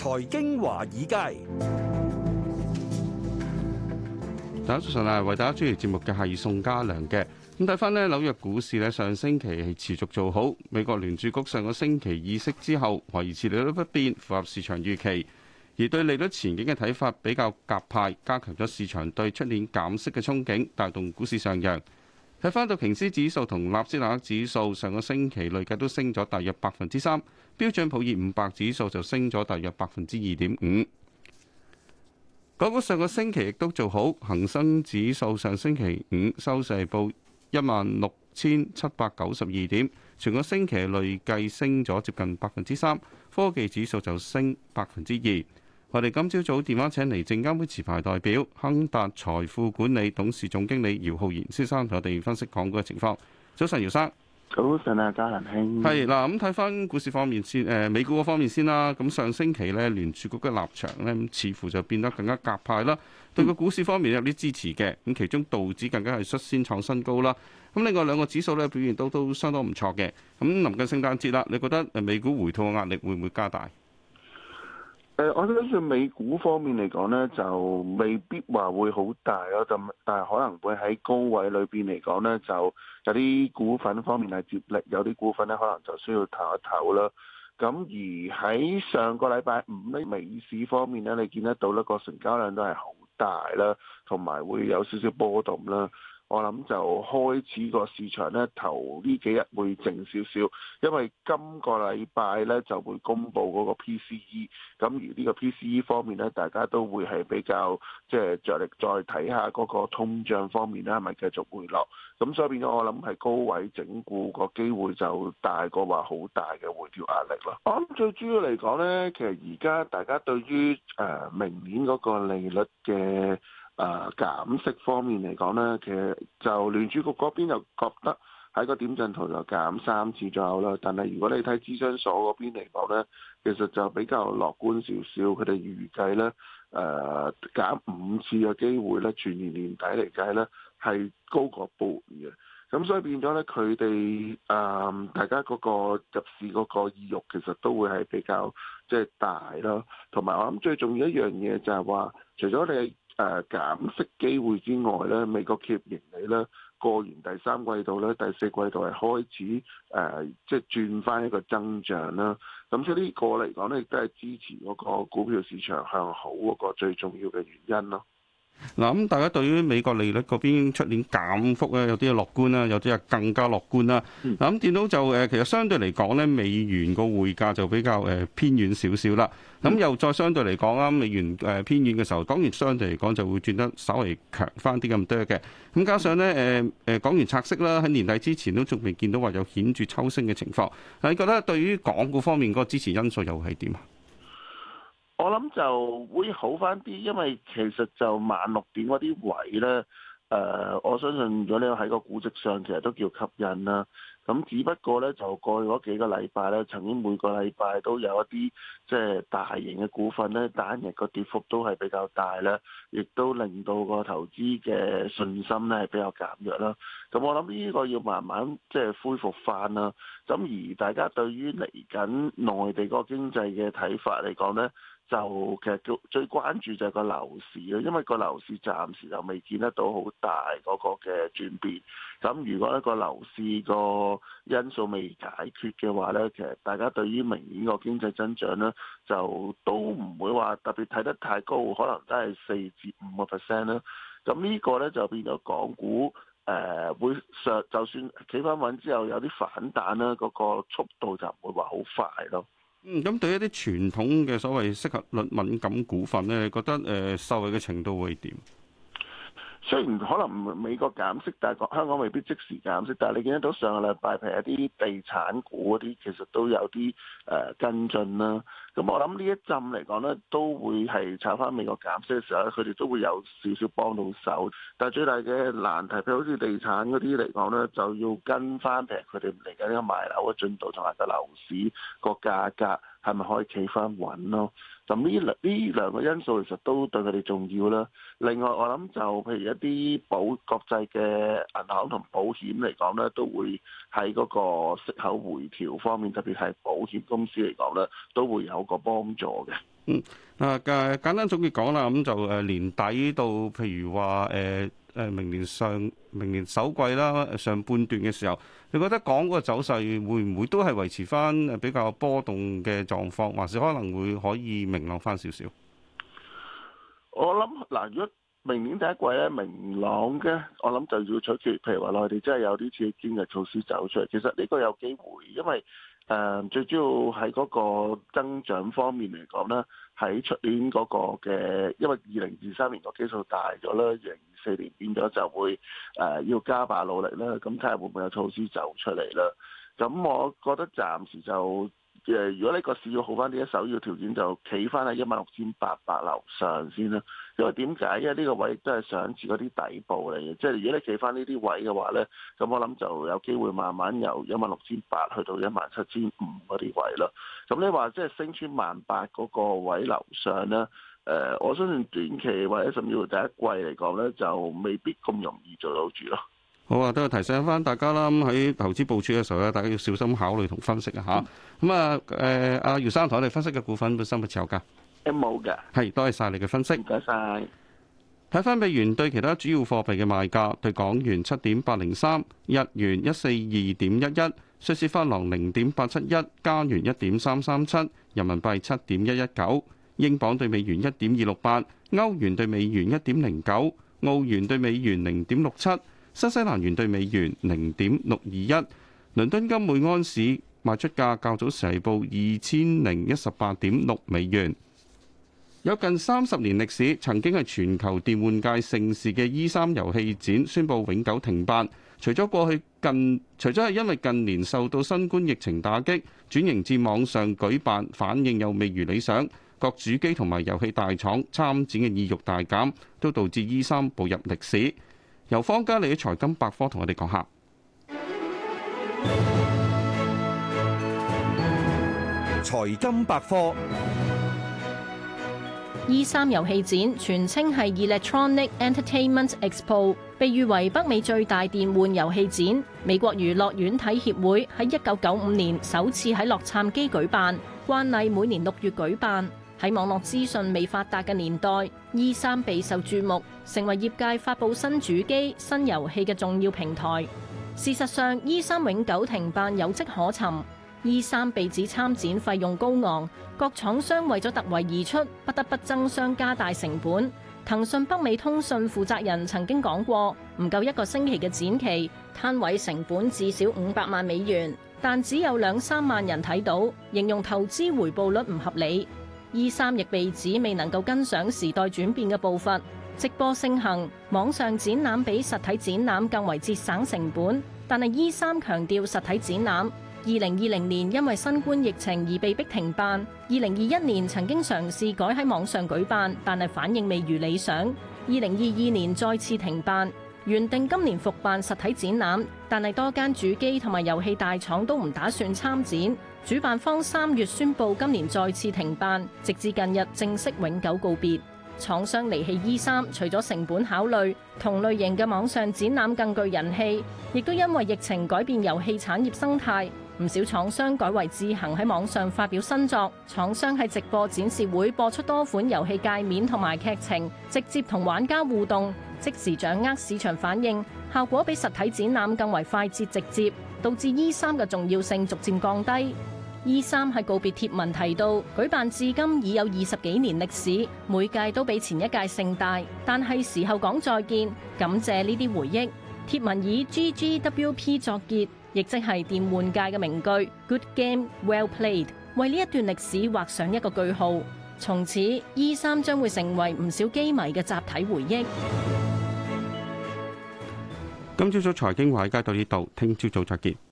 財經華爾街，大家早晨啊！為大家主持節目嘅係宋家良嘅。咁睇翻呢，紐約股市呢，上星期係持續做好，美國聯儲局上個星期議息之後維持利率不變，符合市場預期。而對利率前景嘅睇法比較鴿派，加強咗市場對出年減息嘅憧憬，帶動股市上揚。睇返道瓊斯指數同納斯達克指數，上個星期累計都升咗大約百分之三。標準普爾五百指數就升咗大約百分之二點五。港股上個星期亦都做好，恒生指數上星期五收市報一萬六千七百九十二點，全個星期累計升咗接近百分之三。科技指數就升百分之二。我哋今朝早早電話請嚟證監會持牌代表亨達財富管理董事總經理姚浩然先生同我哋分析港股嘅情況。早晨，姚生。早晨啊，嘉能兄。係嗱，咁睇翻股市方面先，誒，美股方面先啦。咁上星期呢，聯儲局嘅立場呢，似乎就變得更加鴿派啦，嗯、對個股市方面有啲支持嘅。咁其中道指更加係率先創新高啦。咁另外兩個指數呢，表現都都相當唔錯嘅。咁臨近聖誕節啦，你覺得誒美股回吐嘅壓力會唔會加大？誒，我想誒美股方面嚟講呢就未必話會好大咯，但但係可能會喺高位裏邊嚟講呢就有啲股份方面係接力，有啲股份呢可能就需要唞一唞啦。咁而喺上個禮拜五呢，美市方面呢，你見得到呢個成交量都係好大啦，同埋會有少少波動啦。我諗就開始個市場咧，頭呢幾日會靜少少，因為今個禮拜咧就會公布嗰個 PCE，咁而呢個 PCE 方面咧，大家都會係比較即係着力再睇下嗰個通脹方面啦，係咪繼續回落？咁所以變咗我諗係高位整固個機會就大過話好大嘅回調壓力咯。我諗最主要嚟講咧，其實而家大家對於誒、呃、明年嗰個利率嘅。誒、呃、減息方面嚟講咧，其實就聯儲局嗰邊又覺得喺個點陣圖就減三次左右啦。但係如果你睇諮詢所嗰邊嚟講咧，其實就比較樂觀少少。佢哋預計咧誒減五次嘅機會咧，全年年底嚟計咧係高過半嘅。咁所以變咗咧，佢哋誒大家嗰個入市嗰個意欲其實都會係比較即係、就是、大咯。同埋我諗最重要一樣嘢就係話，除咗你，誒、啊、減息機會之外咧，美國企業盈利咧，過完第三季度咧，第四季度係開始誒、啊，即係轉翻一個增長啦。咁所以個呢個嚟講咧，亦都係支持嗰個股票市場向好嗰個最重要嘅原因咯。嗱，咁大家對於美國利率嗰邊出年減幅咧，有啲樂觀啦，有啲又更加樂觀啦。嗱、嗯，咁見到就誒，其實相對嚟講咧，美元個匯價就比較誒偏遠少少啦。咁、嗯、又再相對嚟講啊，美元誒偏遠嘅時候，當然相對嚟講就會轉得稍微強翻啲咁多嘅。咁加上咧誒誒，港元拆息啦，喺年底之前都仲未見到話有顯著抽升嘅情況。你覺得對於港股方面個支持因素又係點啊？我諗就會好翻啲，因為其實就萬六點嗰啲位咧，誒，我相信如果你喺個估值上，其實都叫吸引啦。咁只不過咧，就過去嗰幾個禮拜咧，曾經每個禮拜都有一啲即係大型嘅股份咧，單日個跌幅都係比較大咧，亦都令到個投資嘅信心咧係比較減弱啦。咁我諗呢個要慢慢即係恢復翻啦。咁而大家對於嚟緊內地個經濟嘅睇法嚟講咧，就其實最最關注就係個樓市咯，因為個樓市暫時又未見得到好大嗰個嘅轉變。咁如果一個樓市個因素未解決嘅話咧，其實大家對於明年個經濟增長咧，就都唔會話特別睇得太高，可能都係四至五個 percent 啦。咁呢個咧就變咗港股誒、呃、會上，就算企翻穩之後有啲反彈啦，嗰、嗰個速度就唔會話好快咯。嗯，咁對一啲傳統嘅所謂息率敏感股份咧，你覺得誒、呃、受惠嘅程度會點？雖然可能美國減息，但係香港未必即時減息。但係你見得到上個禮拜譬如一啲地產股嗰啲，其實都有啲誒、呃、跟進啦。咁我諗呢一陣嚟講咧，都會係炒翻美國減息嘅時候咧，佢哋都會有少少幫到手。但係最大嘅難題，譬如好似地產嗰啲嚟講咧，就要跟翻譬如佢哋嚟緊呢個賣樓嘅進度同埋個樓市個價格。係咪可以企翻穩咯？咁呢兩呢兩個因素其實都對佢哋重要啦。另外我諗就譬如一啲保國際嘅銀行同保險嚟講咧，都會喺嗰個息口回調方面，特別係保險公司嚟講咧，都會有個幫助嘅。嗯，啊，簡單總結講啦，咁就誒年底到譬如話誒。呃明年上明年首季啦，上半段嘅時候，你覺得港嗰個走勢會唔會都係維持翻比較波動嘅狀況，還是可能會可以明朗翻少少？我諗嗱，如果明年第一季咧，明朗嘅，我諗就要取決，譬如話內地真係有啲刺激經濟措施走出嚟，其實呢個有機會，因為。誒，最主要喺嗰個增長方面嚟講咧，喺出年嗰個嘅，因為二零二三年個基數大咗啦，二零二四年變咗就會誒、呃、要加把努力啦，咁睇下會唔會有措施走出嚟啦。咁我覺得暫時就。誒，如果呢個市要好翻啲，首要條件就企翻喺一萬六千八百樓上先啦。因為點解？因為呢個位都係上一次嗰啲底部嚟嘅，即係如果你企翻呢啲位嘅話咧，咁我諗就有機會慢慢由一萬六千八去到一萬七千五嗰啲位啦。咁你話即係升穿萬八嗰個位樓上咧？誒，我相信短期或者甚至乎第一季嚟講咧，就未必咁容易做到住咯。好啊，都係提醒翻大家啦。喺投資部署嘅時候咧，大家要小心考慮同分析下、嗯、啊。嚇咁啊，誒阿余生同我哋分析嘅股份本身新嘅招價？一冇嘅，係多謝晒你嘅分析。唔該晒。睇翻美元對其他主要貨幣嘅賣價，對港元七點八零三，日元一四二點一一，瑞士法郎零點八七一，加元一點三三七，人民幣七點一一九，英鎊對美元一點二六八，歐元對美元一點零九，澳元對美元零點六七。新西蘭元兌美元零點六二一。倫敦金每安士賣出價較早時報二千零一十八點六美元。有近三十年歷史、曾經係全球電玩界盛事嘅 E 三遊戲展宣布永久停辦。除咗過去近，除咗係因為近年受到新冠疫情打擊，轉型至網上舉辦，反應又未如理想，各主機同埋遊戲大廠參展嘅意欲大減，都導致 E 三步入歷史。由方家利嘅財金百科同我哋講下財金百科 E3 遊戲展全稱係 Electronic Entertainment Expo，被譽為北美最大電玩遊戲展。美國娛樂軟體協會喺一九九五年首次喺洛杉磯舉辦，慣例每年六月舉辦。喺網絡資訊未發達嘅年代，E3 備受注目，成為業界發佈新主機、新遊戲嘅重要平台。事實上，E3 永久停辦有跡可尋。E3 被指參展費用高昂，各廠商為咗突圍而出，不得不爭相加大成本。騰訊北美通訊負責人曾經講過，唔夠一個星期嘅展期攤位成本至少五百萬美元，但只有兩三萬人睇到，形容投資回報率唔合理。E3 亦被指未能夠跟上時代轉變嘅步伐。直播盛行，網上展覽比實體展覽更為節省成本，但係 E3 強調實體展覽。二零二零年因為新冠疫情而被迫停辦。二零二一年曾經嘗試改喺網上舉辦，但係反應未如理想。二零二二年再次停辦，原定今年復辦實體展覽，但係多間主機同埋遊戲大廠都唔打算參展。主辦方三月宣布今年再次停辦，直至近日正式永久告別。廠商離棄 E3，除咗成本考慮，同類型嘅網上展覽更具人氣，亦都因為疫情改變遊戲產業生態。唔少廠商改為自行喺網上發表新作。廠商喺直播展示會播出多款遊戲界面同埋劇情，直接同玩家互動，即時掌握市場反應，效果比實體展覽更為快捷直接。導致 E3 嘅重要性逐漸降低。E3 係告別帖文提到，舉辦至今已有二十幾年歷史，每屆都比前一屆盛大，但係時候講再見，感謝呢啲回憶。帖文以 GGWP 作結，亦即係電玩界嘅名句 Good game well played，為呢一段歷史劃上一個句號。從此 E3 將會成為唔少機迷嘅集體回憶。今朝早財經華爾街到呢度，聽朝早再見。